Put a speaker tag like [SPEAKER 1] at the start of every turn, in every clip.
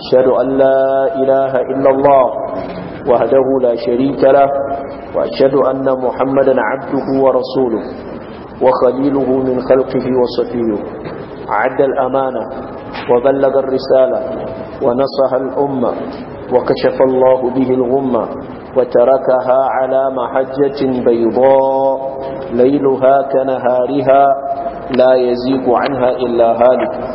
[SPEAKER 1] أشهد أن لا إله إلا الله وهده لا شريك له وأشهد أن محمدا عبده ورسوله وخليله من خلقه وصفيه عد الأمانة وبلغ الرسالة ونصح الأمة وكشف الله به الغمة وتركها على محجة بيضاء ليلها كنهارها لا يزيق عنها إلا هالك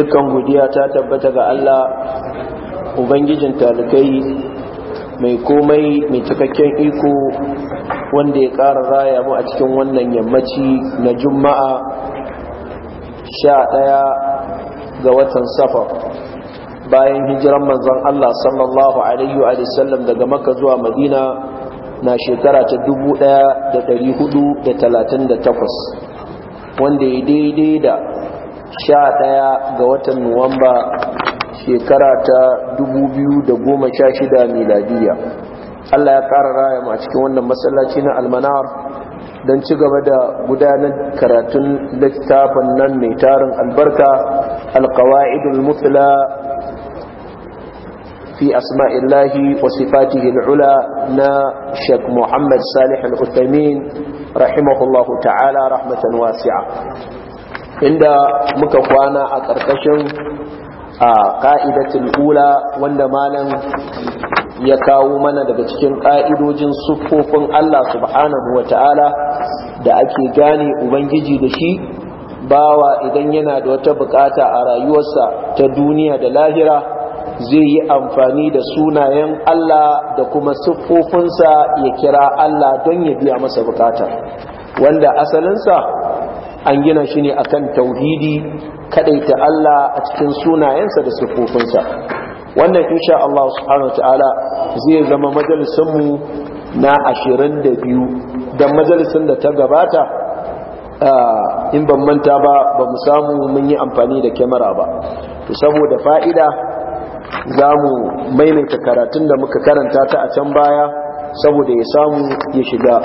[SPEAKER 1] dukkan godiya ta tabbata ga Allah ubangijin talikai mai komai mai cikakken iko wanda ya ƙara raya mu a cikin wannan yammaci na juma'a sha ɗaya ga watan safa bayan hijiran manzan Allah sallallahu alaihi wa daga maka zuwa madina na shekara ta dubu ɗaya da da hudu 1438 wanda ya daidai da sha ɗaya ga watan nuwamba shekara ta dubu biyu da goma sha shida miladiya allah ya ƙara raya ma cikin wannan masallaci na almanar don ci gaba da gudanar karatun littafin nan mai tarin albarka alkawa'idul mutula fi asma'illahi wa sifatihi al'ula na sheikh muhammad salih al'utamin rahimahullahu ta'ala rahmatan wasi'a inda muka kwana a ƙarƙashin a ƙa'idatul ula wanda malam ya kawo mana daga cikin ƙa'idojin siffofin Allah subhanahu wa ta'ala da ake gane Ubangiji da shi bawa idan yana da wata bukata a rayuwarsa ta duniya da lahira zai yi amfani da sunayen Allah da kuma siffofinsa ya kira Allah don ya biya masa bukata wanda asalinsa an gina shi ne akan tauhidi kadaita Allah a cikin sunayensa da siffofinsa wannan insha Allah subhanahu wataala zai zama majalisin mu na 22 dan majalisin da ta gabata ah, in ban manta ba ba mu samu mun yi amfani da kyamara ba to saboda fa'ida za mu maimaita karatun da muka karanta ta a can baya saboda ya samu ya shiga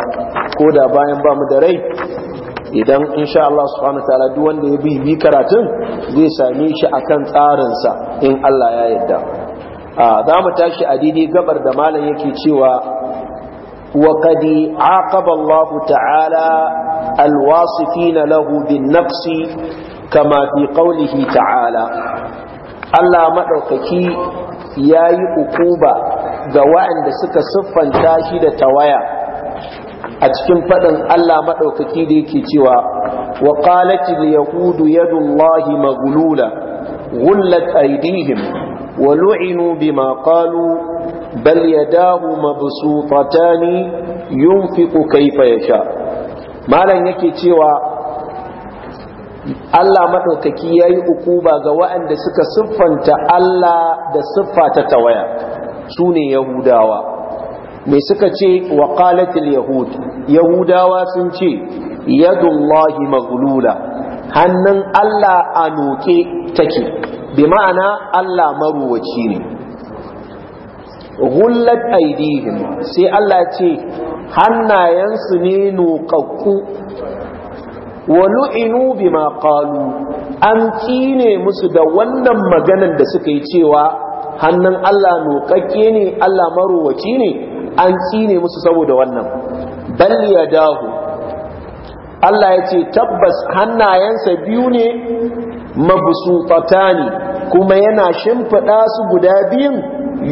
[SPEAKER 1] ko da bayan ba mu da rai idan insha Allah subhanahu wa ta'ala duk wanda ya bi karatun zai same shi a akan tsarinsa in Allah ya yarda za mu tashi a didi gabar da malam yake cewa wa qad aqaba Allah ta'ala alwasifina lahu bin nafsi kama fi qawlihi ta'ala Allah madaukaki yayi ukuba ga waɗanda suka siffanta shi da tawaya a cikin faɗin Allah maɗaukaki da yake cewa wa qalatil yahudu yadullahi maghlula ghullat aydihim wa lu'inu bima qalu bal yadahu mabsutatani yunfiqu kayfa yasha malan yake cewa Allah maɗaukaki yayi yi ukuba ga waɗanda suka siffanta Allah da siffata ta tawaya sune Yahudawa Mai suka ce wa qalatil yahud yahudawa sun ce yadullahi maghlula hannun Allah a noke take bi ma'ana Allah maruwaci ne gullat aidihim sai Allah ce hannayensu ne nokakku wa lu'inu bima qalu an tsine musu da wannan maganar da suka yi cewa hannun Allah nokakke ne Allah maruwaci ne an tsine musu saboda wannan bal dahu. Allah ya ce tabbas hannayensa biyu ne mabsutatani kuma yana shimfiɗa su guda biyun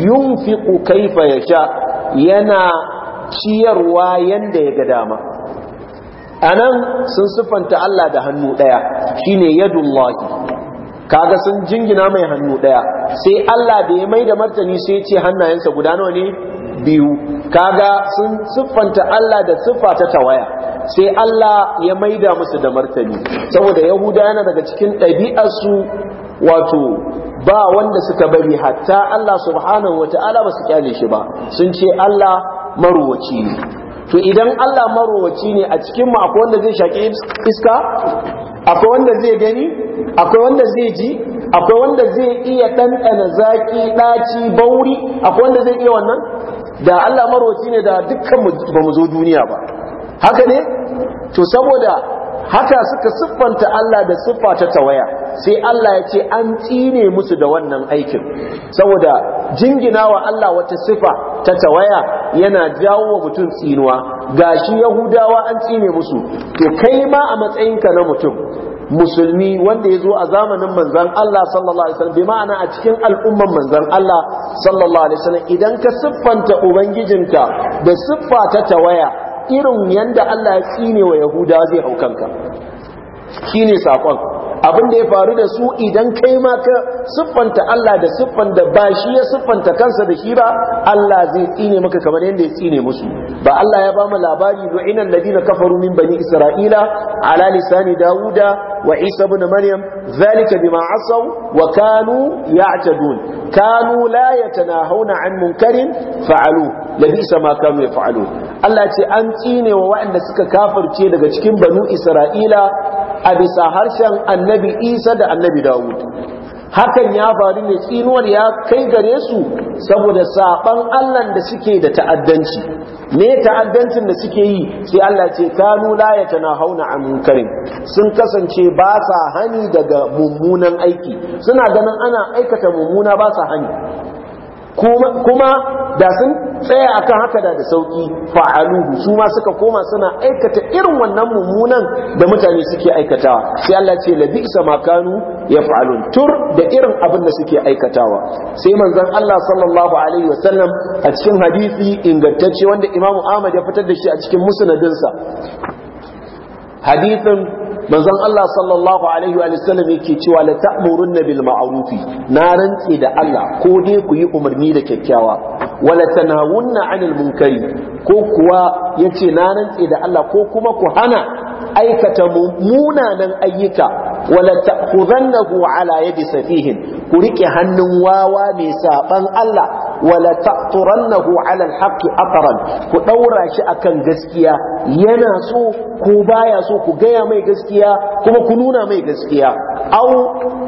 [SPEAKER 1] yunfiqu kaifa yasha yana ciyarwa yanda ya ga dama anan sun sifanta Allah da hannu ɗaya shine yadullahi kaga sun jingina mai hannu ɗaya sai Allah da ya mai da martani sai ce hannayensa guda nawa ne biyu kaga sun siffanta Allah da siffa ta tawaya sai Allah ya maida musu da martani saboda yahuda yana daga cikin ɗabi'arsu wato ba wanda suka bari hatta Allah subhanahu wata'ala ba su kyale shi ba sun ce Allah maruwaci ne to idan Allah maruwaci ne a cikin mu akwai wanda zai shaƙi iska akwai wanda zai gani akwai wanda zai ji akwai wanda zai iya ɗanɗana zaki, ɗaci bauri akwai wanda zai iya wannan da Allah marwaci ne da dukkan ba mu zo duniya ba haka ne to saboda haka suka siffanta Allah da siffa ta tawaya sai Allah ya ce an tsine musu da wannan aikin saboda jinginawa Allah wata siffa ta tawaya yana jawo wa mutum tsinuwa shi yahudawa an tsine musu to kai ma a matsayinka na mutum musulmi wanda ya zo a zamanin manzan Allah sallallahu alaihi wasallam bi ma'ana a cikin al'umman manzan Allah sallallahu alaihi wasallam idan ka siffanta ubangijinka da siffa ta tawaya irin yanda Allah ya tsine wa yahuda zai hau kanka ne saƙon. abin da ya faru da su idan kai ma ka siffanta Allah da siffan da ba shi ya siffanta kansa da shi ba Allah zai tsine maka kamar yadda ya tsine musu ba Allah ya ba mu labari du'ina alladina kafaru min bani isra'ila ala lisani dauda wa isa ibn maryam zalika bima asaw wa kanu ya'tadun kanu la hauna an munkarin fa'alu labisa ma kanu yaf'alun Allah ce an tsine wa waɗanda suka kafirce daga cikin banu isra'ila a bisa harshen annabi isa da annabi dawud hakan ya faru ne tsinuwar ya kai gare su saboda saban allan da suke da ta'addanci me ta'addancin da suke yi sai allah ce kanu la hauna an munkarin sun kasance ba sa hani daga mummunan aiki suna ganin ana aikata mummuna ba sa hani kuma da sun tsaya akan haka da da sauki fa'alu su ma suka koma suna aikata irin wannan mummunan da mutane suke aikatawa sai Allah ce la bi'sa ma kanu tur da irin abin da suke aikatawa sai manzon Allah sallallahu alaihi wasallam a cikin hadisi ingantacce wanda Imam Ahmad ya fitar da shi a cikin musnadinsa hadisin manzon Allah sallallahu alaihi wa sallam yake cewa la ta'murunna bil ma'ruf na rantse da Allah ko dai ku yi umarni da kyakkyawa wala tanawunna 'anil munkari ko kuwa yace na rantse da Allah ko kuma ku hana aikata munanan ayyuka wala ta'khudannahu ala yadi safihin ku rike hannun wawa mai saban Allah wala ta'turannahu 'ala al-haqqi atran ku daura shi akan gaskiya yana so ko baya so ku gaya mai gaskiya kuma ku nuna mai gaskiya aw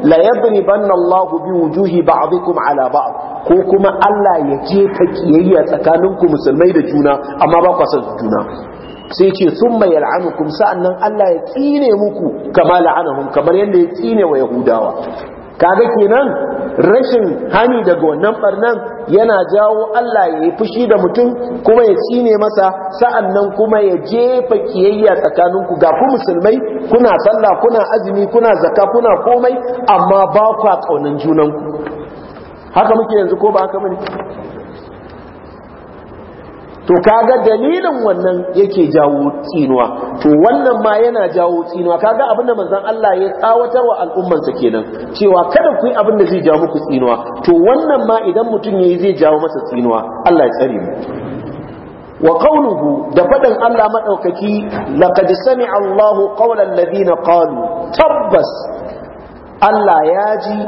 [SPEAKER 1] la yadribanna Allah bi wujuhi ba'dikum 'ala ba'd ko kuma Allah ya ka kiyayya tsakaninku musulmai da juna amma ba ku san juna sai ce sun mai yal'anukum sa'annan Allah ya tsine muku kama la'anahum kamar yadda ya tsine wa yahudawa kaga kenan rashin hani daga wannan barnan yana jawo Allah ya yi fushi da mutum kuma ya cine masa sa'annan kuma ya jefa kiyayya tsakaninku ga ku musulmai kuna sallah kuna azumi kuna zaka kuna komai amma ba ku kaunan junanku haka muke yanzu ko ba haka ne? to kaga dalilin wannan yake jawo tsinuwa to wannan ma yana jawo tsinuwa kaga abinda manzon Allah ya tsawatar wa al'umman sa kenan cewa kada ku yi abin da zai jawo muku tsinuwa to wannan ma idan mutum yayi zai jawo masa tsinuwa Allah ya tsare mu wa qawluhu da faɗin Allah madaukaki laqad sami'a Allahu qawla alladhina qalu tabbas Allah ya ji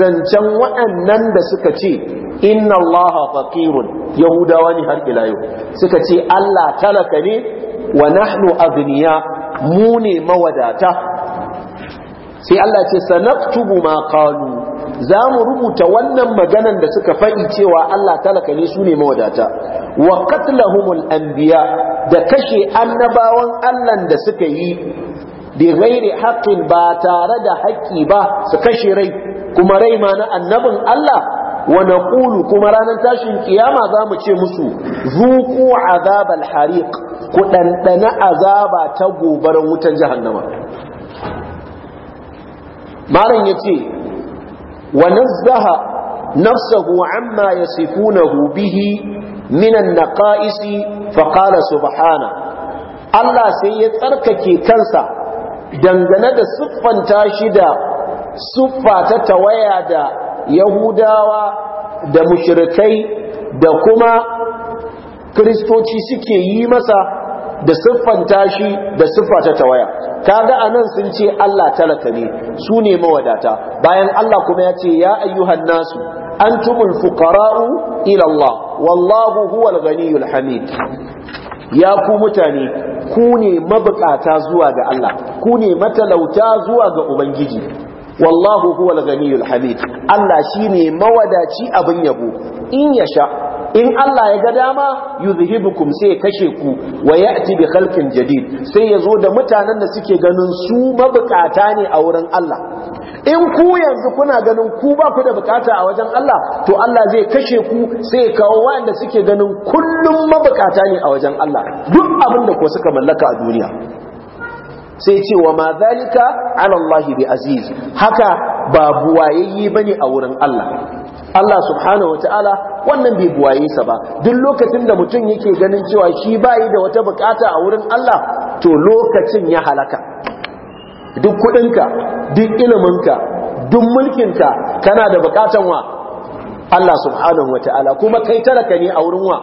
[SPEAKER 1] zancen waɗannan da suka ce inna Allah faqirun yahudawa ne har ila suka ce Allah talaka ne wa nahnu abniya mu ne mawadata sai Allah ce sanaktubu ma qalu za mu rubuta wannan maganan da suka faɗi cewa Allah talaka ne su ne mawadata wa qatlahumul anbiya da kashe annabawan Allah da suka yi bi ghairi haqqin ba tare da haƙƙi ba su kashe rai kuma rai ma na annabin Allah wa naqulu kuma ranar tashin ƙiyama za mu ce musu zuqu azabal hariq ku dandana azaba ta gobaran wutan jahannama malam yace wa nazzaha nafsahu amma yasifunahu bihi minan naqaisi fa qala subhana Allah sai ya tsarkake kansa dangane da siffanta shi da siffa ta tawaya da yahudawa da mushrikai da kuma kristoci suke yi masa da siffanta shi da siffa ta tawaya kaga anan sun ce Allah talaka ne su ne mawadata bayan Allah kuma ya ce ya ayyuhan nasu antumul fuqara'u ila Allah wallahu huwal ghaniyyul hamid ya ku mutane ku ne mabukata zuwa ga Allah ku ne matalauta zuwa ga ubangiji wallahu huwal ganiyul hamid Allah shine mawadaci abin yabo in yasha in Allah ya ga dama yuzhibukum sai ya kashe ku wa ya'ti bi khalqin jadid sai ya zo da mutanen da suke ganin su mabukata ne a wurin Allah in ku yanzu kuna ganin ku ba ku da bukata a wajen Allah to Allah zai kashe ku sai ya kawo waɗanda suke ganin kullum mabukata ne a wajen Allah duk abin da ko suka mallaka a duniya sai ce wa ma zalika ala Allah bi aziz haka babu wayayyi bane a wurin Allah Allah subhanahu wataala wannan bai buwaye sa ba duk lokacin da mutum yake ganin cewa shi bayi da wata bukata a wurin Allah to lokacin ya halaka duk kudinka duk iliminka duk mulkinka kana da bukatan wa Allah subhanahu wataala kuma kai talaka ne a wurin wa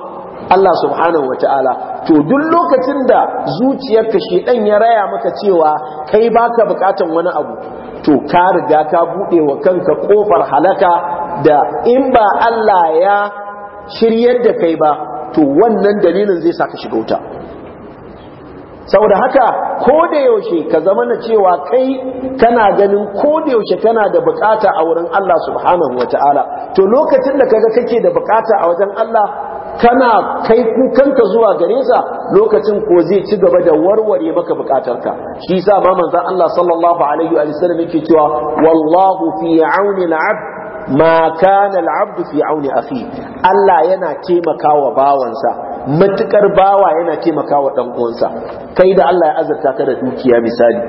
[SPEAKER 1] Allah subhanahu wataala to duk lokacin da zuciyarka dan ya raya maka cewa kai baka bukatan wani abu to ka riga ka bude wa kanka kofar halaka da in ba Allah ya shiryar da kai ba to wannan dalilin zai saka shiga wuta saboda haka ko da yaushe ka zama na cewa kai kana ganin ko da yaushe kana da bukata a wurin Allah subhanahu wataala to lokacin da kaga kake da bukata a wajen Allah kana kai kukanka zuwa gare sa lokacin ko zai ci gaba da warware maka bukatarka shi yasa ba manzon Allah sallallahu alaihi wa sallam yake cewa wallahu fi auni al-abd ma kana al'abdu fi auni akhi Allah yana taimakawa bawansa matukar bawa yana taimakawa dan uwansa kai da Allah ya azurta ka da dukiya misali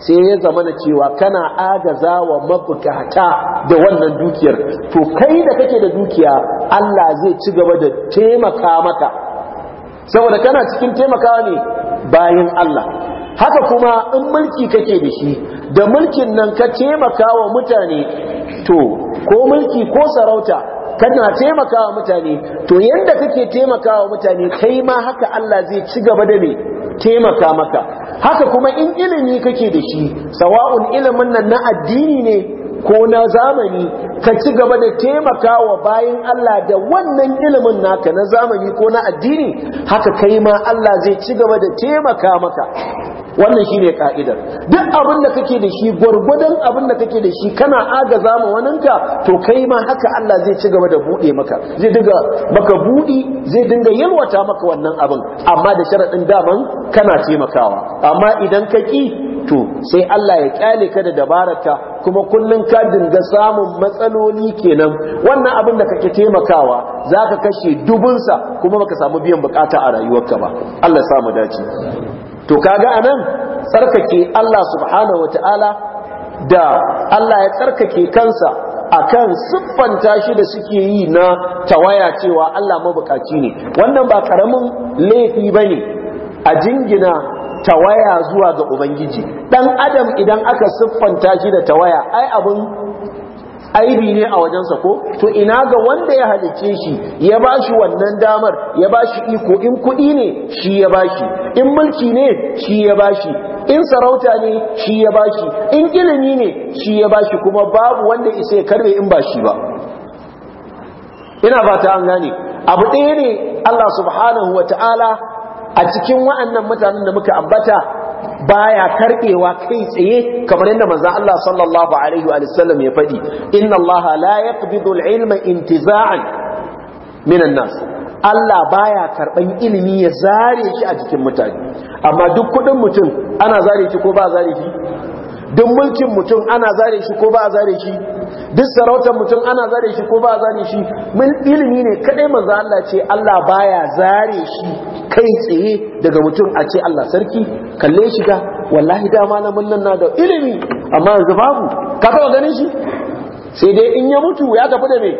[SPEAKER 1] sai ya zama na cewa kana agaza wa mabukata da wannan dukiyar to kai da kake da dukiya Allah zai ci gaba da taimaka maka saboda kana cikin taimakawa ne bayan Allah haka kuma in mulki kake da shi da mulkin nan ka taimaka wa mutane to ko mulki ko sarauta kana taimaka wa mutane to yanda kake taimaka wa mutane kai ma haka Allah zai ci gaba da me taimaka maka haka kuma in ilimi kake da shi sawa'un ilimin nan na addini ne ko na zamani ka ci gaba da wa bayan Allah da wannan ilimin naka na zamani ko na addini haka kai ma Allah zai ci gaba da taimaka maka wannan shine ka'idar duk abin da kake da shi gwargwadon abin da kake da shi kana agaza ma waninka to kai ma haka Allah zai ci gaba da buɗe maka zai dinga maka budi zai dinga yalwata maka wannan abin amma da sharaɗin daman kana taimakawa amma idan ka ki to sai Allah ya kyale ka da dabararka kuma kullun ka dinga samun matsaloli kenan wannan abin da kake taimakawa zaka kashe dubunsa kuma baka samu biyan bukata a rayuwarka ba Allah ya samu dace to kaga anan tsarkake Allah subhanahu wataala da Allah ya tsarkake kansa akan siffanta shi da suke yi na tawaya cewa Allah mabukaci ne wannan ba karamin laifi bane a jingina tawaya zuwa ga Ubangiji, Dan Adam idan aka siffanta shi da tawaya, ai abun. aibi ne a wajensa ko to ina ga wanda ya halicce shi ya bashi wannan damar ya bashi iko in kuɗi ne shi ya bashi in mulki ne shi ya bashi in sarauta ne shi ya bashi in ilimi ne shi ya bashi kuma babu wanda isa ya karbe in ba shi ba ina fata an gane abu ɗaya ne Allah subhanahu wa ta'ala a cikin wa'annan mutanen da muka ambata baya karkewa kai tsaye kamar yadda manzo Allah sallallahu alaihi wa sallam ya faɗi inna Allah la yaqbidu al-ilma intiza'an minan nas Allah baya karban ilimi ya zare shi a jikin mutane amma duk kudin mutum ana zare shi ko ba zare shi duk mulkin mutum ana zare shi ko ba zare shi duk sarautar mutum ana zare shi ko ba zare shi mun ilimi ne kadai manzo Allah ce Allah baya zare shi kai tsaye daga mutum a ce Allah sarki kalle shi ga wallahi da malamin nan na da ilimi amma yanzu babu ka taba ganin shi sai dai in ya mutu ya tafi da me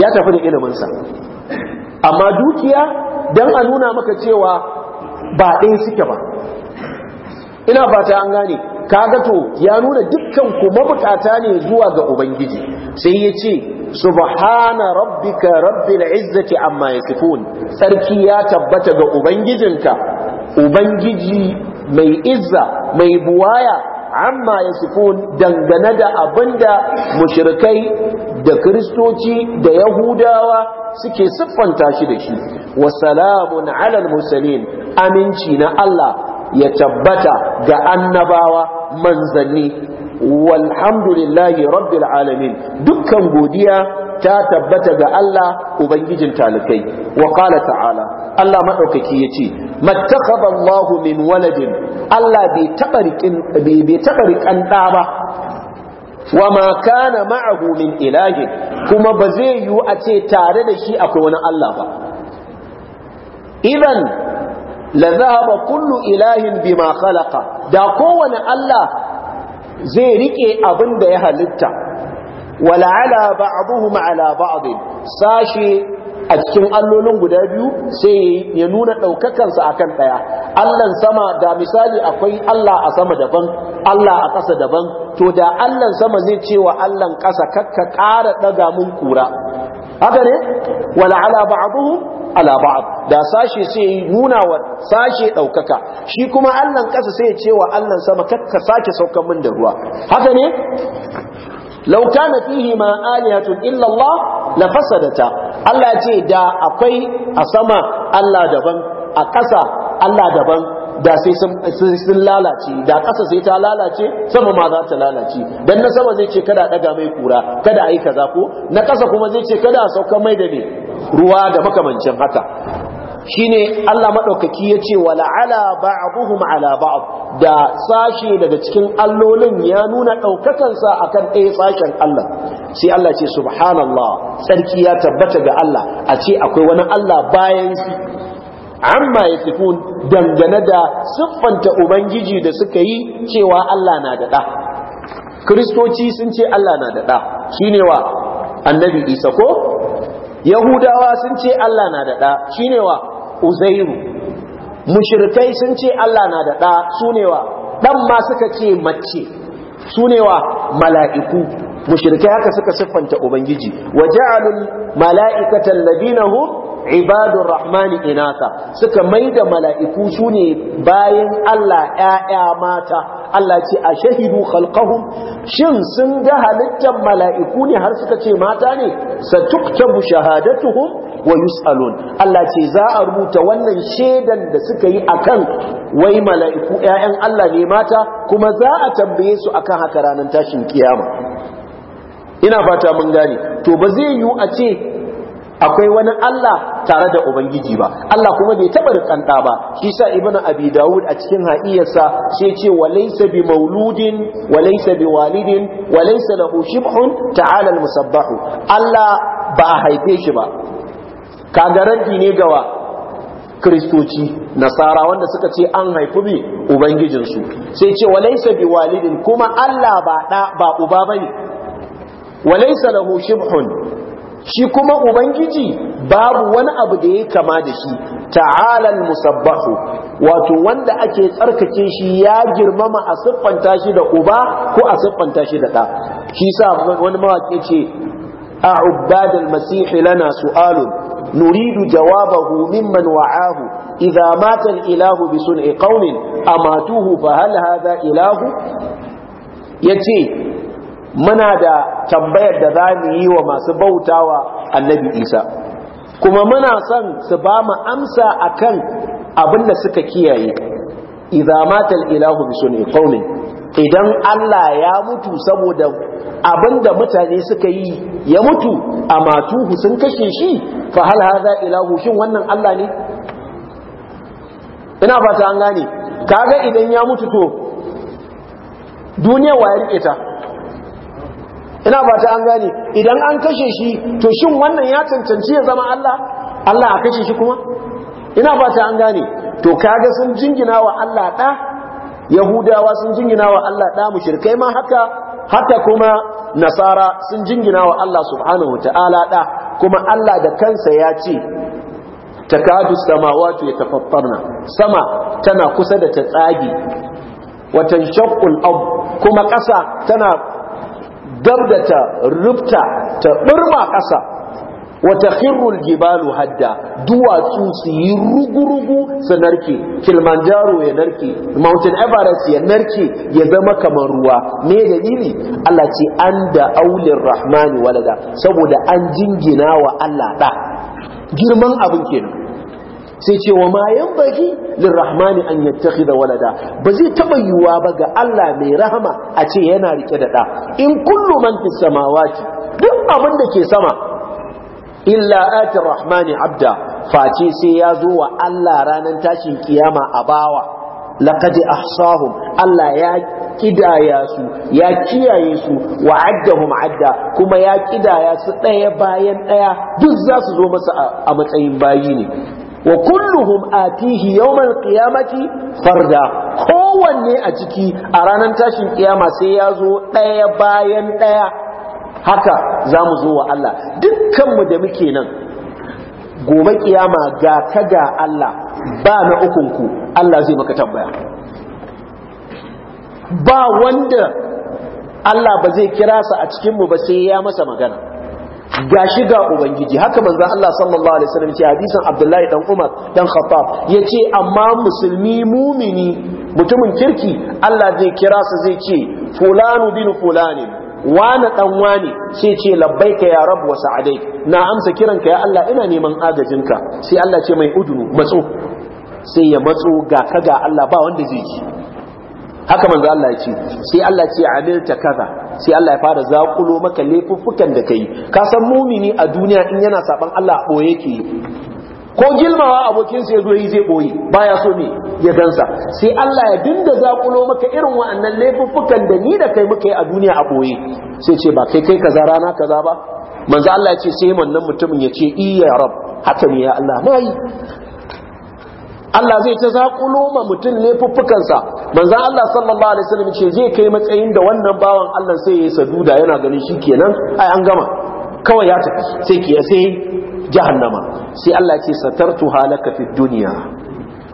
[SPEAKER 1] ya tafi da ilimin sa amma dukiya dan a nuna maka cewa ba ɗaya suke ba ina fata an gane kaga to ya nuna dukkan ku mabukata ne zuwa ga ubangiji sai ya ce subhana rabbika rabbil izzati amma yasifun sarki ya tabbata ga ubangijinka ubangiji mai izza mai buwaya amma yasifun dangane da abinda mushrikai da kristoci da yahudawa suke siffanta shi da shi wa salamun alal mursalin aminci na Allah ya tabbata ga annabawa manzanni walhamdulillahi rabbil alamin dukkan godiya ta tabbata ga Allah ubangijin talikai wa qala ta'ala Allah madaukaki yace mattakhadha Allahu min waladin Allah bai taba rikin bai taba rikan da ba wama kana ma'ahu min ilahi kuma ba zai yiwu a ce tare da shi akwai wani Allah ba idan la zahaba kullu ilahin bima khalaqa da kowane Allah zai rike abin da ya halitta wala'ala ba'dhum ala ba'd sashi a cikin allolin guda biyu sai ya nuna daukakansa akan daya allah sama da misali akwai Allah a sama daban Allah a ƙasa daban to da allan sama zai ce wa Allahn ƙasa kakka ƙara daga mun kura haka ne wala ala ba'dhum ala ba'd da sashe sai nuna wa sashe daukaka shi kuma Allah ƙasa sai ya ce wa Allah sama kakka sake saukan min da ruwa haka ne law kana fihi ma alihatun illa Allah la fasadata Allah ce da akwai a sama Allah daban a ƙasa Allah daban da sai sun lalace da ƙasa sai ta lalace sama ma za ta lalace dan na sama zai ce kada daga mai kura kada a yi kaza ko na ƙasa kuma zai ce kada a sauka mai da ne ruwa da makamancin haka shine Allah madaukaki yace wala ala ba'dhum ala ba'd da sashe daga cikin allolin ya nuna daukakan sa akan ɗaya sashen Allah sai Allah ce subhanallah sarki ya tabbata ga Allah a ce akwai wani Allah bayan amma ya sifun dangane da siffanta ubangiji da suka yi cewa Allah na da ɗa kiristoci sun ce Allah na da ɗa ne wa annabi isa ko yahudawa sun ce Allah na da ɗa ne wa uzairu mushirkai sun ce Allah na da ɗa ne wa ɗan ma suka ce mace Su ne wa mala'iku mushirkai haka suka siffanta ubangiji wa ja'alul mala’ikatan labinahu ibadur rahmani inasa suka maida mala'iku sune bayan Allah yaya mata Allah ce a shahidu khalqahum shin sun ga halittar mala'iku ne har suka ce mata ne tuktabu shahadatuhum wa yusalun Allah ce za a rubuta wannan shedan da suka yi akan wai mala'iku yayan Allah ne mata kuma za a tambaye su akan haka ranar tashin kiyama ina fata mun gane to ba zai yiwu a ce akwai wani Allah tare da ubangiji ba Allah kuma bai taba rikan da ba shi sa Ibn abi Dawud a cikin haiyarsa sai ce walaysa bi mauludin walaysa bi walidin walaysa lahu shibhun ta'ala musabbahu Allah ba a haife shi ba kaga ne gawa kiristoci nasara wanda suka ce an haifi bi ubangijinsu sai ce walaysa bi walidin kuma Allah ba da ba uba bane walaysa lahu shibhun shi kuma ubangiji babu wani abu da ya kama da shi ta'alal musabbahu wato wanda ake tsarkake shi ya girmama a siffanta shi da uba ko a siffanta shi da ɗa shi sa wani mawaƙi ce a ubbadal masihi lana su'alun nuridu jawabahu mimman wa'ahu idza mata al-ilahu bi sun'i qaumin amatuhu fa hal hadha ilahu yace muna da tambayar da za mu yi wa masu bautawa annabi isa kuma muna son su ba mu amsa akan abin da suka kiyaye idza ilahu bi idan Allah ya mutu saboda abin da mutane suka yi ya mutu a matuhu sun kashe shi fa hal hadha ilahu shin wannan Allah ne ina fata an gane kaga idan ya mutu to duniya wa ya ta ina ba ta an gane idan an kashe shi to shin wannan ya cancanci ya zama Allah Allah a kashe shi kuma ina ba ta an gane to kaga sun jingina wa Allah ɗa yahudawa sun jingina wa Allah ɗa mushrikai ma haka haka kuma nasara sun jingina wa Allah subhanahu wataala ɗa kuma Allah da kansa ya ce takadu samawati yatafattarna sama tana kusa da ta tsage watan shaqqul ard kuma ƙasa tana dabda ta rufta ta birma ƙasa wata khirrul jibalu hadda duwatsu su yi rugurugu su narke kilimanjaro ya narke mountain everest ya narke ya zama kamar ruwa me da dalili Allah ce an da aulin rahmani walada saboda an jingina wa Allah da girman abin kenan sai ce wa ma yanbaghi lirrahmani an da walada ba zai taɓa yiwuwa ba ga Allah mai rahama a ce yana rike da da in kullu man fis samawati duk abin da ke sama illa ati rahmani abda face sai ya zo wa Allah ranar tashin kiyama a bawa laqad ahsahum Allah ya kidaya su ya kiyaye su wa addahum adda kuma ya kidaya su ɗaya bayan ɗaya duk za su zo masa a matsayin bayi ne wa kulluhum atihi yawmal qiyamati farda kowanne a ciki a ranar tashin kiyama sai ya zo ɗaya bayan ɗaya haka za mu zo wa Allah dukkanmu da muke nan gobe kiyama ga ta ga Allah ba na ku, Allah zai maka tambaya ba wanda Allah ba zai kira sa a cikinmu ba sai ya masa magana shi ga ubangiji haka manzo Allah sallallahu alaihi wasallam ce hadisin Abdullahi dan Umar dan Khattab yace amma musulmi mumini mutumin kirki Allah zai kira sa zai ce fulanu bin fulani wani dan wani sai ce labbaika ya rabu wa sa'adai na amsa kiranka ya Allah ina neman agajinka sai Allah ce mai udunu matso sai ya matso ga kaga Allah ba wanda zai ji haka manzo Allah ya ce sai Allah ya ce ta kaza sai Allah ya fara zakulo maka lefuffukan da kai ka san mumini a duniya in yana saban Allah a boye yake ko gilmawa abokinsa ya zo yi zai boye baya so ne ya gansa sai Allah ya dinda zakulo maka irin wa'annan laifuffukan da ni da kai muka yi a duniya a boye sai ce ba kai kai kaza rana kaza ba manzo Allah ya ce sai wannan mutumin ya ce iya rab haka ne ya Allah mai Allah zai ta zakulo ma mutum laifuffukansa manzan Allah sallallahu alaihi wasallam ce zai kai matsayin da wannan bawan Allah sai ya yi saduda yana ganin shi kenan ai an gama kawai ya tafi sai ke sai jahannama sai Allah ya ce satartu halaka fid dunya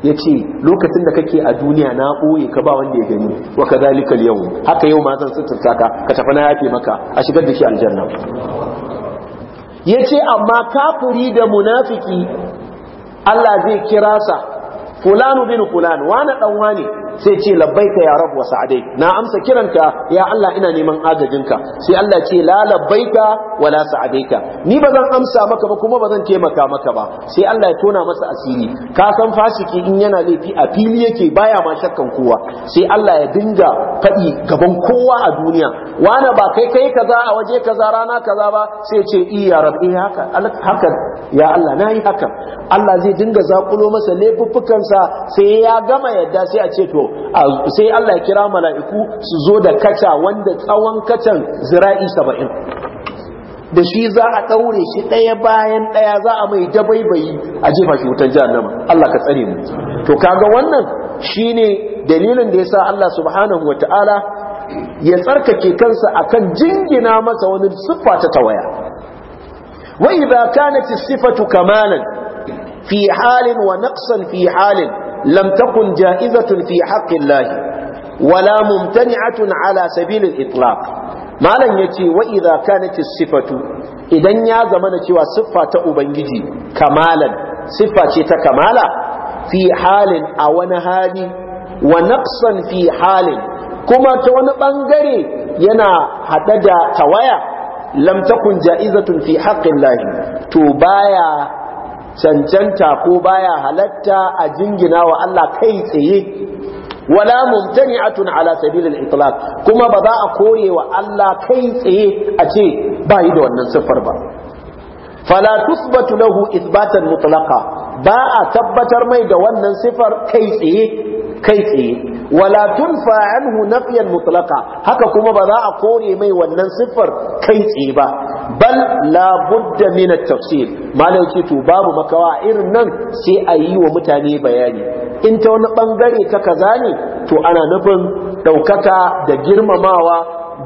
[SPEAKER 1] yace lokacin da kake a duniya na boye ka ba wanda ya gani wa kadhalika yau haka yau ma zan sutunta ka ka tafi na yafe maka a shigar da shi aljanna yace amma kafiri da munafiki Allah zai kira sa fulanu bin fulan wani dan wani sai ce labbaika ya rabu wa sa'adai na amsa kiranka ya Allah ina neman agajinka sai Allah ce la labbaika wa la sa'adaika ni ba zan amsa maka ba kuma ba zan taimaka maka ba sai Allah ya tona masa asiri ka san fasiki in yana laifi a fili yake baya ma shakkan kowa sai Allah ya dinga faɗi gaban kowa a duniya wani ba kai kai kaza a waje kaza rana kaza ba sai ce i eh, ya rabbi eh, haka haka ya Allah nayi haka Allah zai dinga zakulo masa laifuffukansa kansa sai ya gama yadda sai a ce to sai Allah ya kira mala'iku su zo da kaca wanda tsawon kacan zira'i saba'in da shi za a ɗaure shi ɗaya bayan ɗaya za a mai dabaibayi a jefa shi wutar jahannama Allah ka tsare mu to kaga wannan shine dalilin da yasa Allah subhanahu wata'ala ya tsarkake kansa akan jingina masa wani siffa ta tawaya wa idza kanat as-sifatu kamalan fi halin wa naqsan fi halin lam takun ja'izatun fi haqqillahi wala mumtani'atun ala sabilil itlaq malam ya ce wa'iza idza kanat sifatu idan ya zama na cewa siffa ta ubangiji kamalan siffa ce ta kamala fi halin a wani hali wa naqsan fi halin kuma ta wani bangare yana hada da tawaya lam takun ja'izatun fi haqqin lahi to baya cancanta ko baya halatta a jingina wa Allah kai tsaye wala mumtani'atun ala sabilil al-itlaq kuma ba za a kore wa Allah kai tsaye a ce ba yi da wannan siffar ba fala tusbatu lahu ithbatan mutlaqa ba a tabbatar mai da wannan siffar kai tsaye kai tsaye wala tunfa anhu nafyan mutlaqa haka kuma ba za a kore mai wannan siffar kai tsaye ba bal la budda min at-tafsil malam ce to babu makawa irin nan sai a yi wa mutane bayani in ta wani bangare ta kaza ne to ana nufin daukaka da girmamawa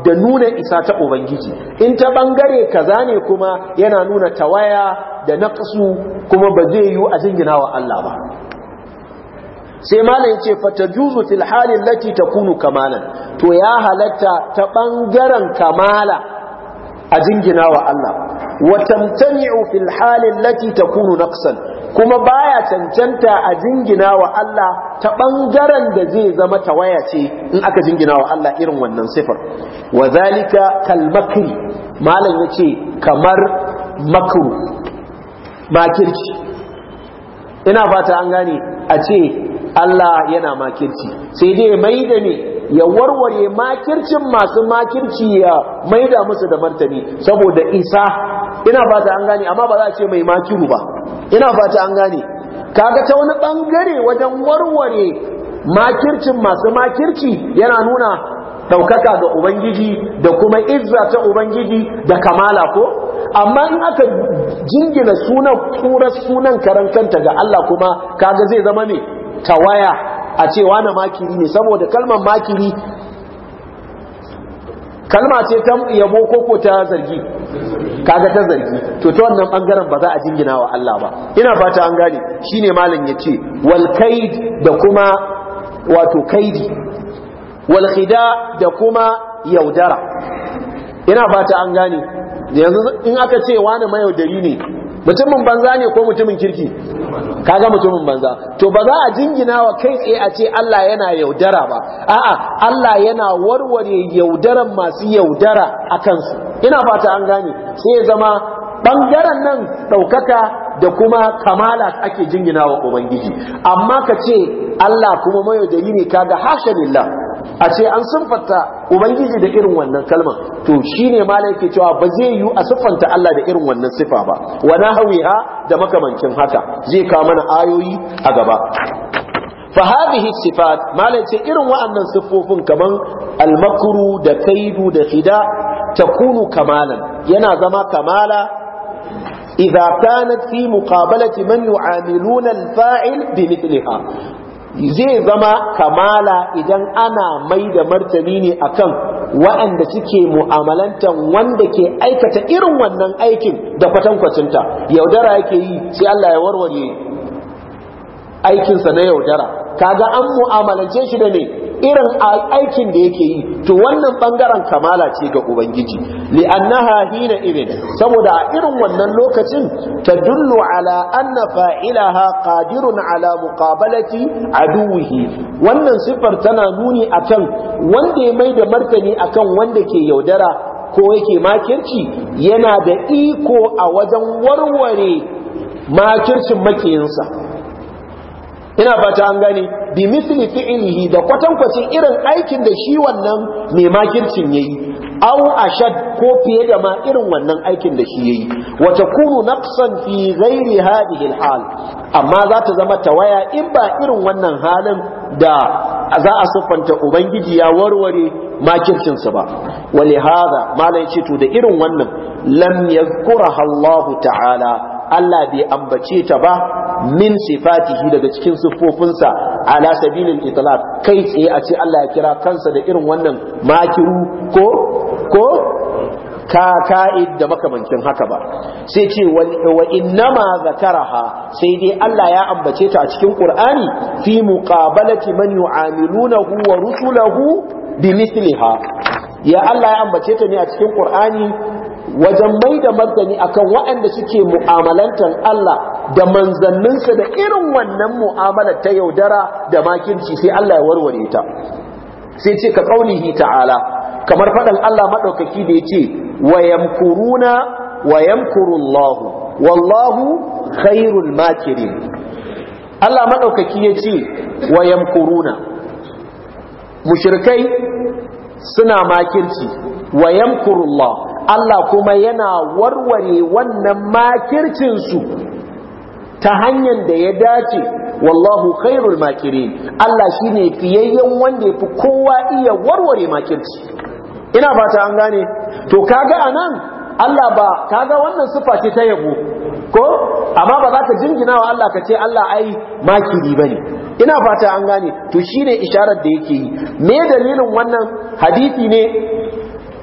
[SPEAKER 1] da nuna isa ta Ubangiji, in ta ɓangare kaza ne kuma yana nuna tawaya da naƙasu kuma ba zai yiwu a jingina wa Allah ba. sai malam yace fatajuzu fil hali ta kunu kamalan to ya halatta ta ɓangaren kamala a jingina wa Allah wa tamtani'u fil hali allati takunu naqsan kuma baya cancanta a jingina wa Allah ta ɓangaren da zai zama tawaya ce in aka jingina wa Allah irin wannan sifar wa zalika kal makri malam yace kamar makru makirci ina fata an gane a ce Allah yana makirci sai dai mai da ne ya warware makircin masu makirci ya maida da musu da martani saboda isa ina fata an gane amma ba za a ce mai makiru ba ina fata an gane kaga ta wani bangare wajen warware makircin masu makirci yana nuna ɗaukaka ga ubangiji da kuma izza ta ubangiji da kamala ko amma in aka jingina sunan kurar sunan karankanta ga Allah kuma kaga zai zama ne tawaya a ce wane makiri ne saboda kalmar makiri kalma ce ta yabo koko ta zargi kaga ta zargi to ta wannan bangaren ba za a jingina wa Allah ba ina ta an gane shine malam ce wal kaid da kuma wato kaidi wal khida da kuma yaudara ina ta an gane yanzu in aka ce wani mayaudari ne mutumin banza ne ko mutumin kirki kaga mutumin banza to ba za a jingina wa kai tsaye a ce Allah yana yaudara ba a'a Allah yana warware yaudaran masu yaudara a kansu ina fata an gane sai ya zama bangaren nan ɗaukaka da kuma kamala ake jingina wa ubangiji amma ka ce Allah kuma mayaudari ne kaga hasha lillah a ce an siffanta ubangiji da irin wannan kalman to shine malai ke cewa ba zai yi a siffanta Allah da irin wannan sifa ba wa hawiya da makamancin haka zai kawo mana ayoyi a gaba fa hadhihi sifat malai ce irin wa'annan siffofin kamar al da kaidu da ta takunu kamalan yana zama kamala إذا كانت في مقابلة من fa'il الفاعل بمثلها zai zama kamala idan ana mai da martani ne akan waɗanda suke mu'amalantan wanda ke aikata irin wannan aikin da kwatankwacinta yaudara yake yi sai Allah ya warware aikinsa na yaudara kaga an mu'amalance shi da ne irin aikin da yake yi to wannan bangaren kamala ce ga ubangiji annaha hina irin saboda a irin wannan lokacin tadullu ala anna fa'ilaha qadirun ala muqabalati aduwihi wannan sifar tana nuni akan wanda ya mai da martani akan wanda ke yaudara ko yake makirci yana da iko a wajen warware makircin makiyinsa ina fata an gani. bi misli fi'lihi da kwatankwacin irin aikin da shi wannan mai makircin yayi aw ashad ko fiye da ma irin wannan aikin da shi yayi wa takunu naqsan fi ghairi hadhihi alhal amma za ta zama tawaya in ba irin wannan halin da za a siffanta ubangiji ya warware makircin sa ba wali hada malai ce to da irin wannan lam yazkuraha Allahu ta'ala Allah bai ambace ta ba min sifatihi daga cikin siffofinsa ala sabilin itlaq kai tsaye a ce Allah ya kira kansa da irin wannan makiru ko ko ka'id da makamancin haka ba sai ce wa innama zakaraha sai dai Allah ya ambace ta a cikin Qur'ani fi muqabalati man yu'amilunahu wa rusulahu mithliha ya Allah ya ambace ta ne a cikin Qur'ani wajen mai da martani akan waɗanda suke mu'amalantar Allah da manzanninsa da irin wannan mu'amalar ta yaudara da makinci sai Allah ya warware ta sai ce ka kaunihi ta'ala kamar faɗan Allah maɗaukaki da ya ce wa yamkuruna wa yamkurullahu wallahu khairul makirin Allah maɗaukaki ya ce wa yamkuruna mushrikai suna makirci wa yamkurullahu Allah kuma yana warware wannan makircinsu ta hanyar da ya dace wallahu khairul makirin Allah shine fiyayyen wanda yafi kowa iya warware makirci ina fata an gane to kaga anan Allah ba kaga wannan sifa ce ta yabo ko amma ba za ka jingina wa Allah ka ce Allah ai makiri bane ina fata an gane to shine isharar da yake yi me dalilin wannan hadisi ne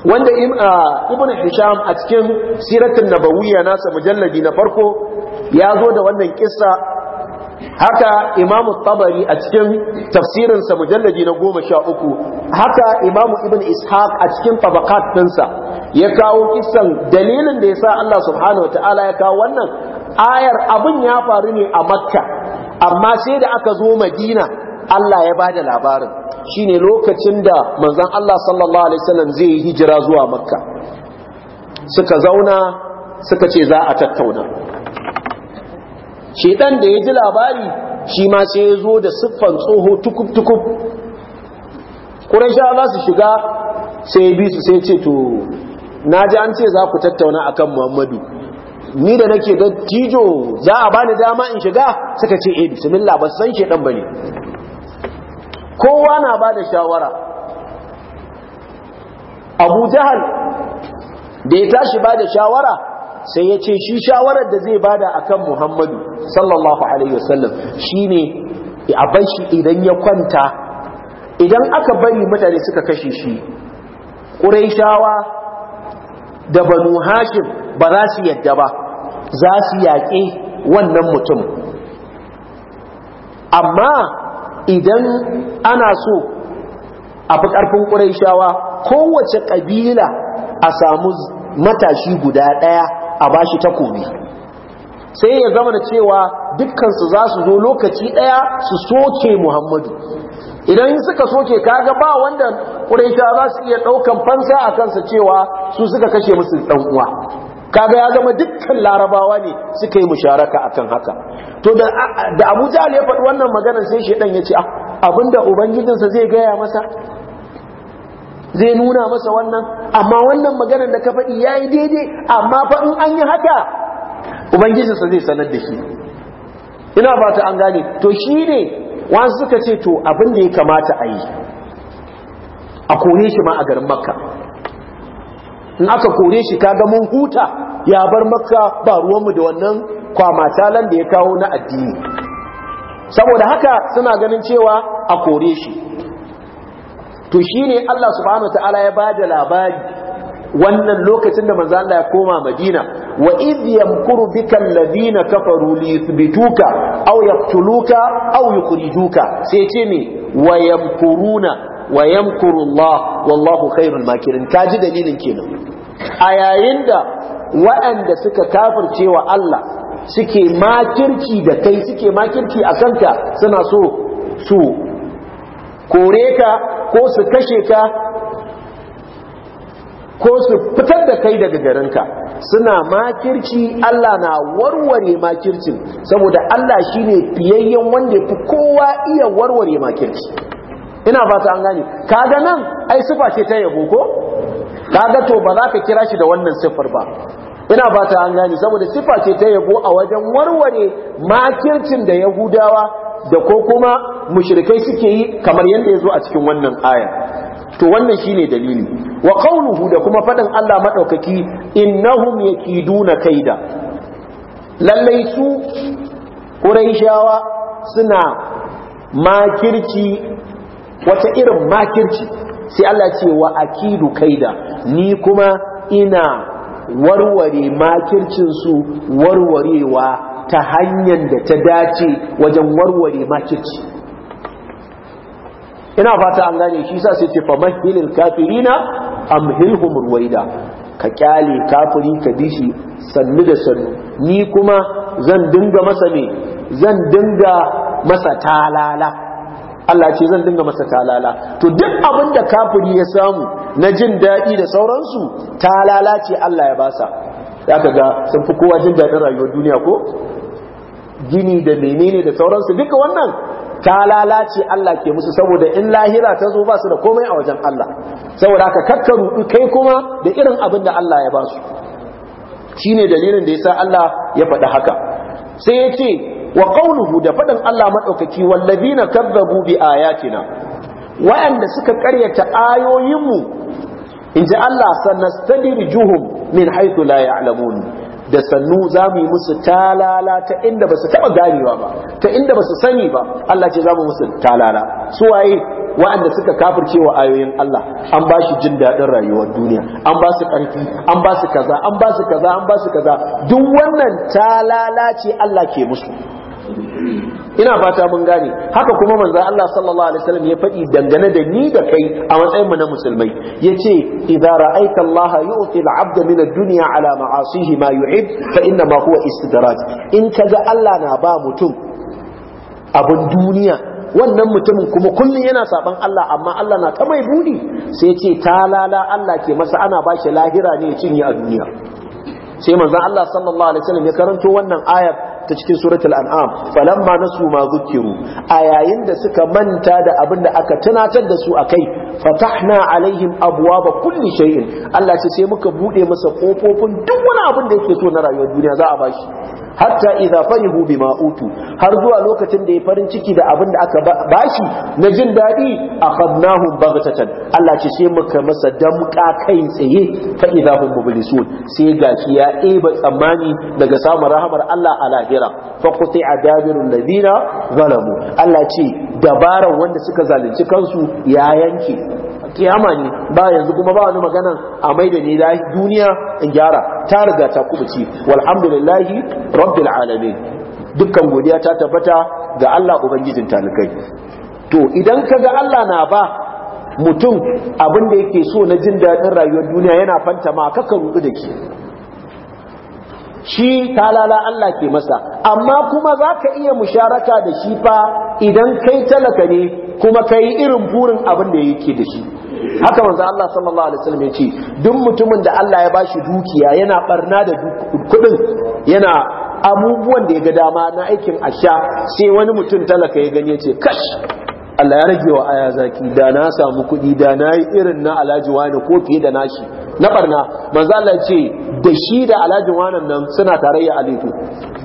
[SPEAKER 1] wanda ah, ibn hisham a cikin siratun nabawiyya nasa mujalladi na farko ya zo da wannan kissa haka imamu tabari a cikin tafsirinsa mujalladi na goma sha uku haka imamu ibn ishaq a cikin tabakat ɗinsa ya kawo kissan dalilin da ya sa Allah subhanahu wa ta'ala ya kawo wannan ayar abin ya faru ne a makka amma sai da aka zo madina Allah ya bada labarin shine lokacin da manzon Allah sallallahu alaihi wasallam zai yi hijira zuwa makka suka zauna suka ce za a tattauna shedan da ya ji labari shi ma sai ya zo da siffan tsoho tukub tukub Qurayshawa za su shiga sai bi su sai ce to naji an ce za ku tattauna akan Muhammadu ni da nake da tijo za a bani dama in shiga suka ce eh bismillah ba san dan bane kowa na ba da shawara abu jahal da ya tashi ba da shawara sai ya ce shi shawarar da zai bada akan muhammadu sallallahu alaihi wasallam shine a bai shi idan ya kwanta idan aka bari mutane suka kashe shi ƙuraishawa da banu hashim ba za su yadda ba za su yaƙe wannan mutum amma idan ana so a fi ƙarfin ƙuraishawa kowace ƙabila a samu matashi guda ɗaya a ba bashi takobi sai ya zama da cewa dukkansu za su zo lokaci ɗaya su soke muhammadu idan suka soke kaga ba wanda ƙuraishawa za su iya ɗaukan fansa a kansa cewa su suka kashe musu ɗan'uwa kaga ya zama dukkan larabawa ne suka yi musharaka akan haka to da Abu Jahl ya faɗi wannan magana sai shedan ya ce ah abinda ubangijinsa zai gaya masa zai nuna masa wannan amma wannan maganar da ka faɗi yayi daidai amma fa in an yi haka ubangijinsa zai sanar da shi ina fata an gane to shi ne wasu suka ce to abin da ya kamata a yi a kore shi ma a garin makka in aka kore shi kaga mun huta ya bar makka ba ruwanmu da wannan kwama talan da ya kawo na addini saboda haka suna ganin cewa a kore shi to shi ne Allah subhanahu ta'ala ya ba da labari wannan lokacin da manzo Allah ya koma Madina wa idh yamkuru bika alladhina kafaru li yuthbituka aw yaqtuluka aw yukhrijuka sai ce me wa yamkuruna wa yamkuru Allah wallahu khairul makirin kaji dalilin kenan a yayin da waɗanda suka kafirce wa Allah suke makirci da kai suke makirci a kanka suna so su kore ka ko su kashe ka ko su fitar da kai daga garinka suna makirci Allah na warware makircin saboda Allah shi shine fiyayyen wanda fi kowa iya warware makirci ina fata an gane kaga nan ai sifa ce ta yabo ko kaga to ba za ka kira shi da wannan siffar ba ina ba ta gani saboda siffa ce ta yabo a wajen warware makircin da yahudawa da ko kuma mushrikai suke yi kamar yadda ya zo a cikin wannan aya to wannan shine dalili wa qawluhu da kuma faɗin Allah madaukaki innahum yakiduna kaida lallai su quraishawa suna makirci wata irin makirci sai Allah ce wa akidu kaida ni kuma ina warware makircin su warwarewa ta hanyar da ta dace wajen warware makirci ina fata an gane shi sa sai ce fa mahilil kafirina amhilhum ruwaida ka kyale kafiri ka dishi sannu da sannu ni kuma zan dinga masa ne zan dinga masa talala Allah ce zan dinga masa talala to duk abin da kafiri ya samu na jin daɗi da sauransu talala ce Allah ya basa ya ga sun fi kowa jin daɗin rayuwar duniya ko gini da menene da sauransu duka wannan ta lalace Allah ke musu saboda in lahira ta zo ba su da komai a wajen Allah saboda haka kakkaru kai kuma da irin abin da Allah ya ba su shine dalilin da yasa Allah ya faɗi haka sai ya ce wa qawluhu da faɗin Allah madaukaki wallazina kazzabu bi ayatina wa'anda suka karyata ayoyinmu inji Allah sanastadrijuhum min haythu la ya'lamun da sannu za mu yi musu talala ta inda ba su taɓa ganewa ba ta inda ba su sani ba Allah ce za mu musu talala su waye wa'anda suka kafirce wa ayoyin Allah an ba shi jin daɗin rayuwar duniya an ba su ƙarfi an ba su kaza an ba su kaza an ba su kaza duk wannan talala ce Allah ke musu ina fata mun gane haka kuma manzo Allah sallallahu alaihi wasallam ya faɗi dangane da ni da kai a matsayin mu na musulmai yace idza ra'aita Allah yu'ti al abd min ad-dunya ala ma'asihi ma yu'ib fa inna ma huwa istidraj in kaga Allah na ba mutum abin duniya wannan mutumin kuma kullum yana saban Allah amma Allah na ta mai budi sai ce talala Allah ke masa ana ba shi lahira ne ya cinye a duniya sai manzo Allah sallallahu alaihi wasallam ya karanto wannan ayat ta cikin suratul an'am falamma nasu ma zukiru a yayin da suka manta da abin da aka tunatar da su akai fatahna alaihim abwaaba kulli shay'in Allah ce sai muka bude masa kofofin duk wani abin da yake so na rayuwar duniya za a bashi hatta idza farihu bima utu har zuwa lokacin da ya farin ciki da abin da aka bashi na jin dadi akhadnahu baghtatan Allah ce sai muka masa damka kai tsaye fa idza hum mublisun sai gashi ya eba tsammani daga samun rahamar Allah a lahira fa quti'a dabiru ladina zalamu Allah ce dabaran wanda suka zalunci kansu ya yanke kiyama ne ba yanzu kuma ba wani magana a mai da ni duniya in gyara ta riga ta kubuci walhamdulillahi rabbil alamin dukkan godiya ta tabbata ga Allah ubangijin talikai to idan ka ga Allah na ba mutum abin da yake so na jin daɗin rayuwar duniya yana fanta ma kakan rubu da ke shi talala Allah ke masa amma kuma za ka iya musharaka da shi fa idan kai talaka ne kuma kai irin burin abin da yake da shi haka manzo Allah sallallahu alaihi wasallam yace duk mutumin da Allah ya bashi dukiya yana barna da kudin yana abubuwan da ya ga dama na aikin asha sai wani mutum talaka ya gani yace kash Allah ya rage wa aya zaki da na samu kudi da na yi irin na alhaji wani ko fiye da nashi na barna manzo Allah ce da shi da alhaji wanan nan suna tarayya a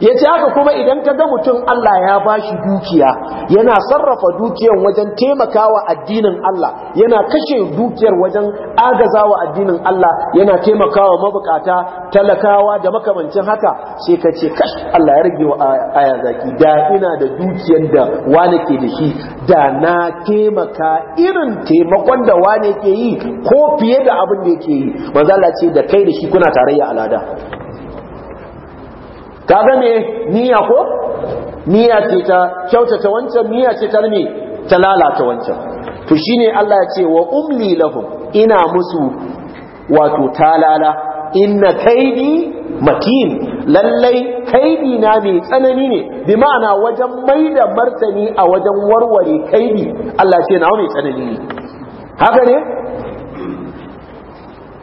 [SPEAKER 1] ya ce haka kuma idan ka ga mutum Allah ya ba shi dukiya yana sarrafa dukiyar wajen taimakawa addinin Allah yana kashe dukiyar wajen agazawa addinin Allah yana taimakawa mabukata talakawa da makamancin haka sai ka ce kash Allah ya rage wa aya da ina da dukiyar da wane ke da shi da na taimaka irin taimakon da wane ke yi ko fiye da abin da yake yi manzo Allah ce da kai da shi kuna tarayya alada ga me niyya ko niyya ce ta kyautata wancan niyya ce ta me ta lalata wancan to shine Allah ya ce wa umli lahum ina musu wato talala inna kaidi matin lallai kaidi na mai tsanani ne bi ma'ana wajen da martani a wajen warware kaidi Allah ce na mai tsanani ne haka ne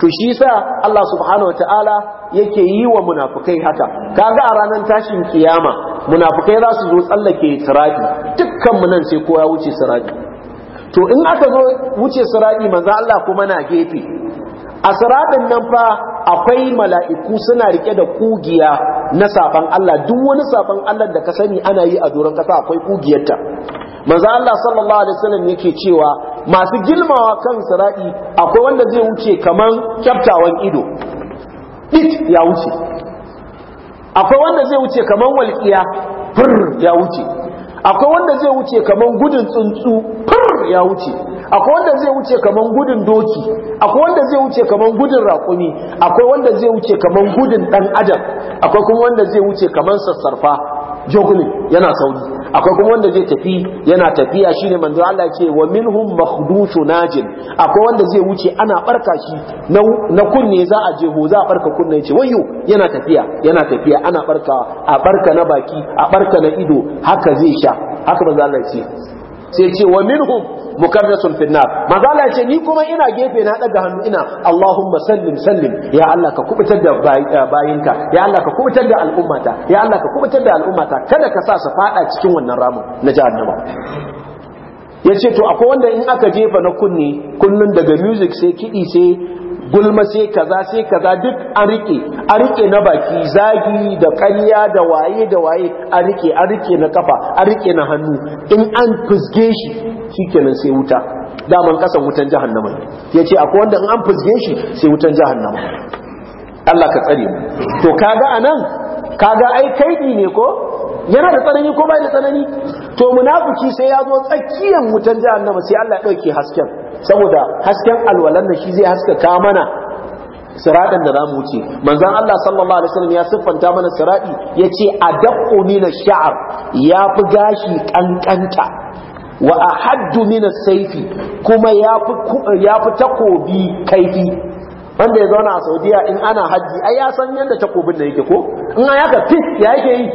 [SPEAKER 1] to shi yasa Allah subhanahu wataala yake yi wa munafukai haka kaga a ranar tashin kiyama munafukai za su zo tsallake sirati dukkan mu nan sai kowa ya wuce sirati to in aka zo wuce sirati manzo Allah kuma na gefe a siratin nan fa akwai mala'iku suna rike da kugiya na safan Allah duk wani safan Allah da ka sani ana yi a doron kasa akwai kugiyarta Maza Allah sallallahu alaihi wasallam yake cewa masu gilmawa kan sira'i akwai wanda zai wuce kamar kyaftawan ido it ya wuce akwai wanda zai wuce kaman walƙiya, fir ya wuce akwai wanda zai wuce kaman gudun tsuntsu fir ya wuce akwai wanda zai wuce kaman gudun doki akwai wanda zai wuce kaman gudun raƙumi akwai wanda zai wuce kaman gudun ɗan adam akwai kuma wanda zai wuce kaman sassarfa juggling yana sauri akwai kuma wanda zai tafi yana tafiya shine manzo Allah ce wa minhum makhdushu najin akwai wanda zai wuce ana barka shi na kunne za a je ho za a barka kunne ce wayyo yana tafiya yana tafiya ana barka a barka na baki a barka na ido haka zai sha haka manzo Allah ce sai ce wa minhum mukarrasun finnar manzo ce ni kuma ina gefe na daga hannu ina Allahumma sallim sallim ya Allah ka kubutar da eh, bayinka ya Allah ka kubutar da al'ummata ya Allah ka kubutar da al'ummata kada ka sa su fada cikin wannan ramin na jahannama ya ce to akwai wanda in aka jefa na kunni kullun daga music sai kiɗi sai gulma sai kaza sai kaza duk an rike an rike na baki zagi da karya da waye da waye an rike an rike na kafa an rike na hannu in an fusge shi shikenan sai wuta daman kasan wutan jahannama yace akwai wanda in an fusge shi sai wutan jahannama Allah ka tsare mu to kaga anan kaga ai kaidi ne ko yana da tsanani ko bai da tsanani to munafiki sai ya zo tsakiyar wutan jahannama sai Allah ya dauke hasken saboda hasken alwalan da shi zai haska ka mana Siraɗin da zamu wuce manzon Allah sallallahu alaihi wasallam ya siffanta mana Ya yace adaqqu min ash-sha'r ya fi gashi kankanta wa ahaddu min as-sayfi kuma ya fi takobi kaifi wanda ya zauna a saudiya in ana hajji ai ya san yadda takobin da yake ko in ya yaka fit ya yake yi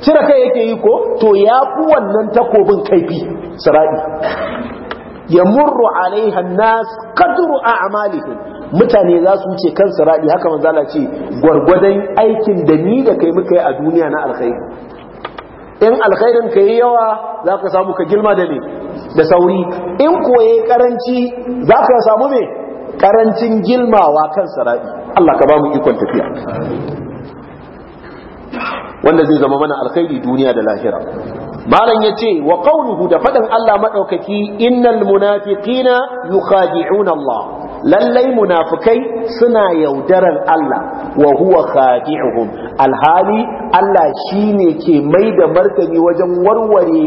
[SPEAKER 1] cire kai yake yi ko to ya fi wannan takobin kaifi sirabi ya murru alaiha nas a a'malihim mutane za su wuce kan sirabi haka manzala ce gwargwadon aikin da ni da kai muka yi a duniya na alkhairi in alkhairin ka yi yawa za ka samu ka gilma da ne da sauri in koye karanci za ka samu me karancin gilmawa kan sarai Allah ka ba mu ikon tafiya wanda zai zama mana alkhairi duniya da lahira malam yace wa qawluhu da fadan Allah madaukaki innal munafiqina yukhadi'una Allah lallai munafikai suna yaudarar Allah wa huwa khadi'uhum alhali Allah shine ke mai da martani wajen warware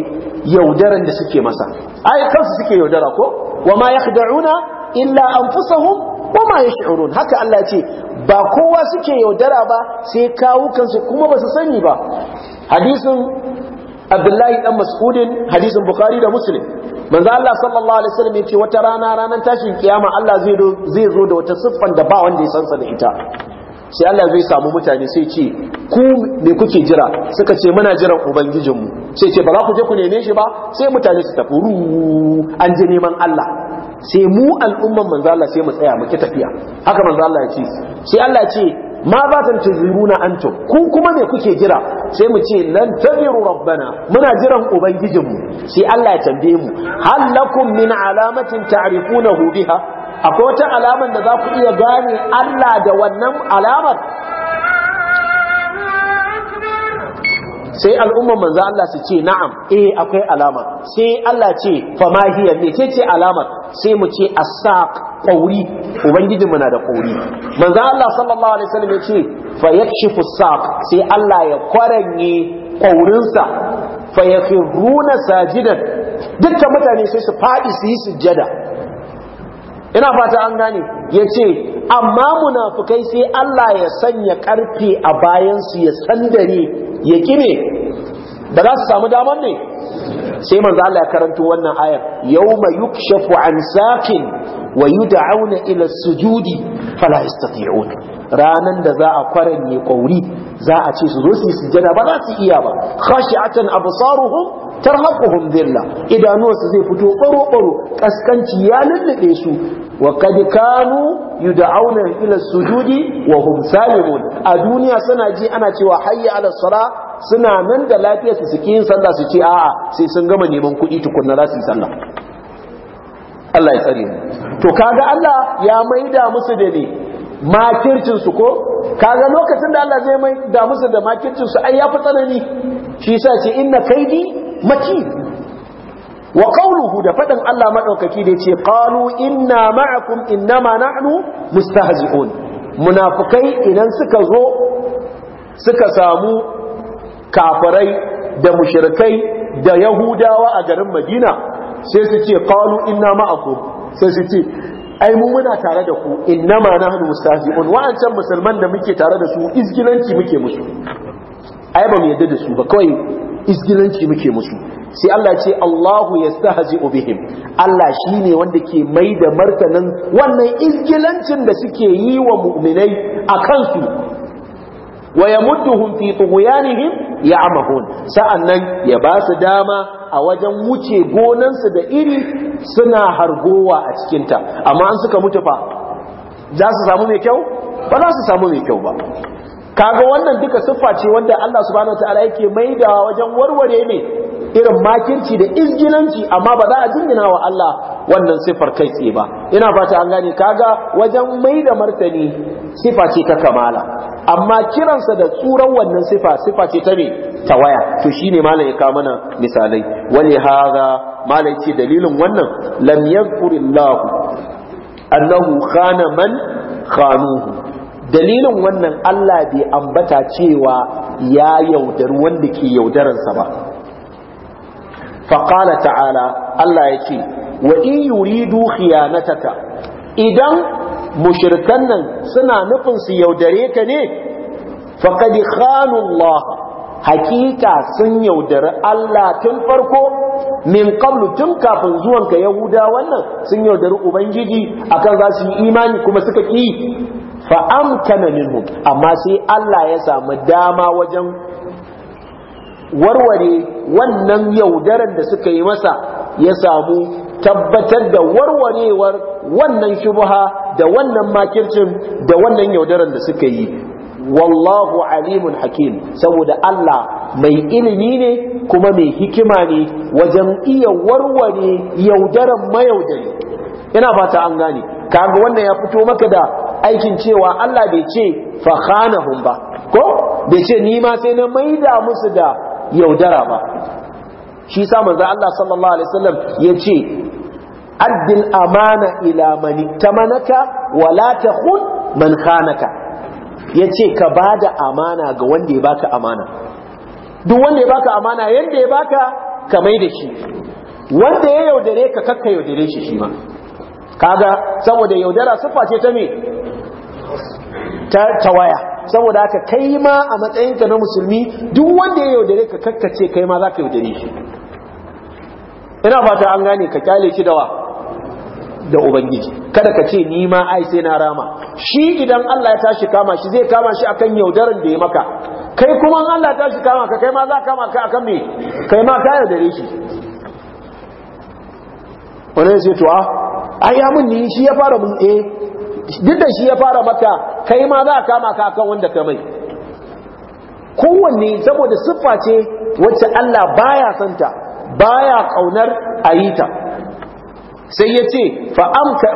[SPEAKER 1] yaudaran da suke masa ai kansu suke yaudara ko wa ma yakhda'una illa an fi anfusahum wa ma yash'urun haka Allah ce ba kowa suke yaudara ba sai kawukansu kuma basu su sani ba hadisin Abdullahi dan Mas'udin hadisin Bukhari da Muslim manzo Allah sallallahu alaihi wasallam yace wata rana ranar tashin kiyama Allah zai zo da wata siffan da ba wanda ya san da ita sai Allah zai samu mutane sai ce ku me kuke jira suka ce muna jiran ubangijinmu sai ce ba za ku je ku neme shi ba sai mutane su tafi ru an je neman Allah sai mu al'umman manzo Allah sai mu tsaya muke tafiya haka manzo Allah ya ce sai Allah ya ce ma ba tan tuziruna antum ku kuma me kuke jira sai mu ce lan tabiru rabbana muna jiran ubangijinmu sai Allah ya tambaye mu hal lakum min alamatin ta'rifunahu biha akwai wata alamar da za ku iya gane Allah da wannan alamar sai al'umman manzo Allah su ce na'am eh akwai alama sai Allah ce fama hiya me ce ce alamar sai mu ce asaq qauri ubangijinmu na da qauri manzo Allah sallallahu alaihi wasallam ya ce fa yakshifu saq sai Allah ya kwaranye aurinsa fa yakhiruna sajidan dukkan mutane sai su fadi su yi sujjada ina fata an gane ya ce amma munafukai sai Allah ya sanya karfe a bayan su ya sandare ya kime da za su samu damar ne sai manzo Allah ya karanto wannan ayar yawma yukshafu an saqin wa yud'auna ila sujudi fala yastati'un ranan da za a ne kauri za a ce su zo su sujada ba za su iya ba khashi'atan absaruhum Tar haƙuhun dhilla idanuwarsu zai fito ɓaro ɓaro ƙaskanci ya lullube su wa kad kanu ilar su sujudi wa hum salimun a duniya suna ji ana cewa hayi ala suna nan da lafiya su suke yin sallah su ce a'a sai sun gama neman kuɗi tukunna za su yi sallah Allah ya tsare to kaga Allah ya maida musu da ne makircinsu ko kaga lokacin da Allah zai mai da musu da makircinsu ai ya fi tsanani shi yasa ce inna kaidi maki wa kauluhu da faɗin Allah maɗaukaki da yace qalu inna ma'akum innama nahnu mustahzi'un munafukai idan suka zo suka samu kafirai da mushirikai da yahudawa a garin Madina sai su ce qalu inna ma'akum sai su ce ai mu muna tare da ku innama nahnu mustahzi'un wa'ancan musulman da muke tare da su izgilanci muke musu ai ba mu yadda da su ba kawai izgilanci muke musu sai Allah ce Allahu yastahzi'u bihim Allah shine wanda ke mai da martanin wannan izgilancin da suke yi wa mu'minai a kansu wa yamudduhum fi tughyanihim ya'mahun sa'annan ya ba su dama a wajen wuce gonansu da iri suna hargowa a cikinta amma an suka mutu fa za su samu mai kyau ba za su samu mai kyau ba kaga wannan duka siffa ce wanda Allah subhanahu wataala yake maidawa wajen warware ne irin makirci da izgilanci amma ba za a jingina wa Allah wannan siffar kai tsaye ba ina fata an gane kaga wajen maida martani siffa ce ta kamala amma kiransa da tsuran wannan siffa siffa ce ta me ta waya to shine malam ya kawo mana misalai wani haza malam ce dalilin wannan lam yadhkurillahu annahu khana man khanuhu dalilin wannan Allah bai ambata cewa ya yaudar wanda ke yaudararsa ba faƙala ta'ala Allah ya ce wa in yuridu khiyanataka idan mushrikan nan suna nufin su yaudare ka ne faqad khanu Allah hakika sun yaudari Allah tun farko min qablu tun kafin zuwan ka yahuda wannan sun yaudari ubangiji akan za su yi imani kuma suka ki fa amkana minhum amma sai Allah ya samu dama wajen warware wannan yaudaran da suka yi masa ya samu tabbatar da warwarewar wannan shubha da wannan makircin da wannan yaudaran da suka yi wallahu alimun hakim saboda Allah mai ilimi ne kuma mai hikima ne wajen iya warware yaudaran mayaudari ina fata an gane kaga wannan ya fito maka da aikin cewa Allah bai ce fa ba ko bai ce ni ma sai na mai da musu da yaudara ba shi sa manzo Allah sallallahu alaihi wasallam yace addil amana ila man tamanaka wa la takhun man khanaka yace ka bada amana ga wanda ya baka amana duk wanda ya baka amana yanda ya baka ka mai da shi wanda ya yaudare ka kakka yaudare shi shi ma kaga saboda yaudara su face ta me ta waya saboda haka kai ma a matsayinka na musulmi duk wanda ya yaudare ka kakkace kai ma za ka yaudare shi ina fata an gane ka kyale shi dawa da ubangiji kada ka ce ni ma ai sai na rama shi idan Allah ya tashi kama shi zai kama shi akan yaudaran da ya maka kai kuma Allah ya tashi kama ka kai ma za kama ka akan me kai ma ka yaudare shi wani sai to a ah, ai ya mun ni shi ya fara mun eh duk da shi ya fara maka kai ma za a kama ka kan wanda ka mai kowanne saboda siffa ce wacce Allah baya santa baya kaunar ayita sai ya ce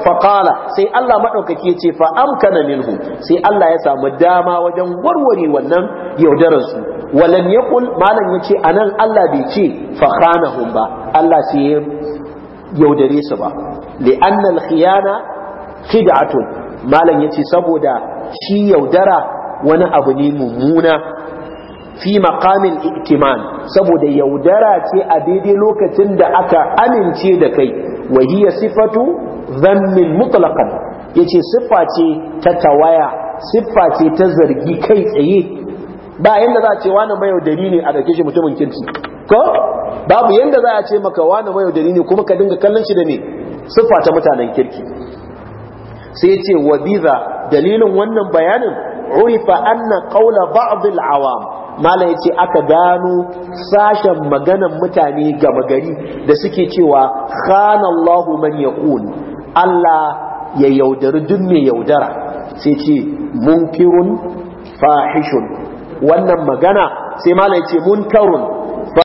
[SPEAKER 1] faƙala sai Allah maɗaukaki ya ce fa'amkana minhu sai Allah ya samu dama wajen warware wannan yaudararsu walan ya malam ya ce Allah bai ce faƙanahun ba Allah sai ya yaudare su ba li'annal khiyana khid'atun malam ya ce saboda shi yaudara wani abu ne mummuna fi maqamin itiman, saboda yaudara ce a daidai lokacin da aka amince da kai wa hiya sifatu dhammin mutlaqan yace siffa ce ta tawaya siffa ce ta zargi kai tsaye ba yanda za a ce wani mai yaudari ne a ɗauke shi mutumin kirki ko babu yanda za a ce maka wani mai yaudari ne kuma ka dinga kallon shi da me siffa ta mutanen kirki sai ce wa biza dalilin wannan bayanin urifa anna qawla ba'd al-awam mala yace aka gano sashen maganan mutane gama gari da suke cewa khana Allahu man yaqul Allah ya yaudari duk mai yaudara sai ce munkirun fahishun wannan magana sai mala yace munkarun